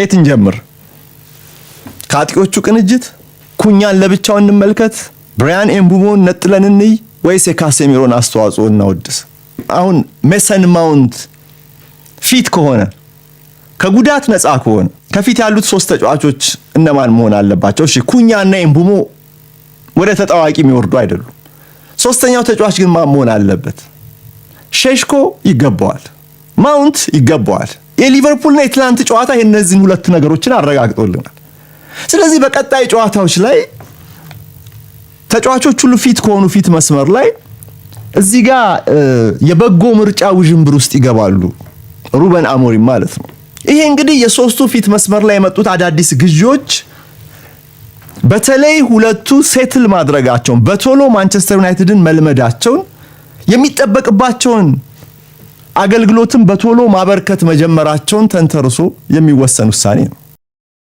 ከየት እንጀምር? ከአጥቂዎቹ ቅንጅት ኩኛን ለብቻው እንመልከት? ብራያን ኤምቡሞን ነጥለን እንይ ወይስ የካሴሚሮን አስተዋጽኦ እናወድስ? አሁን ሜሰን ማውንት ፊት ከሆነ ከጉዳት ነፃ ከሆነ ከፊት ያሉት ሶስት ተጫዋቾች እነማን መሆን አለባቸው? እሺ ኩኛ ኤምቡሞ ወደ ተጣዋቂ የሚወርዱ አይደሉም። ሶስተኛው ተጫዋች ግን ማን መሆን አለበት? ሼሽኮ ይገባዋል፣ ማውንት ይገባዋል። የሊቨርፑልና የትላንት ጨዋታ የእነዚህን ሁለት ነገሮችን አረጋግጦልናል። ስለዚህ በቀጣይ ጨዋታዎች ላይ ተጫዋቾች ሁሉ ፊት ከሆኑ ፊት መስመር ላይ እዚህ ጋር የበጎ ምርጫ ውዥንብር ውስጥ ይገባሉ ሩበን አሞሪም ማለት ነው። ይሄ እንግዲህ የሶስቱ ፊት መስመር ላይ የመጡት አዳዲስ ግዢዎች በተለይ ሁለቱ ሴትል ማድረጋቸውን በቶሎ ማንቸስተር ዩናይትድን መልመዳቸውን የሚጠበቅባቸውን አገልግሎትን በቶሎ ማበርከት መጀመራቸውን ተንተርሶ የሚወሰን ውሳኔ ነው።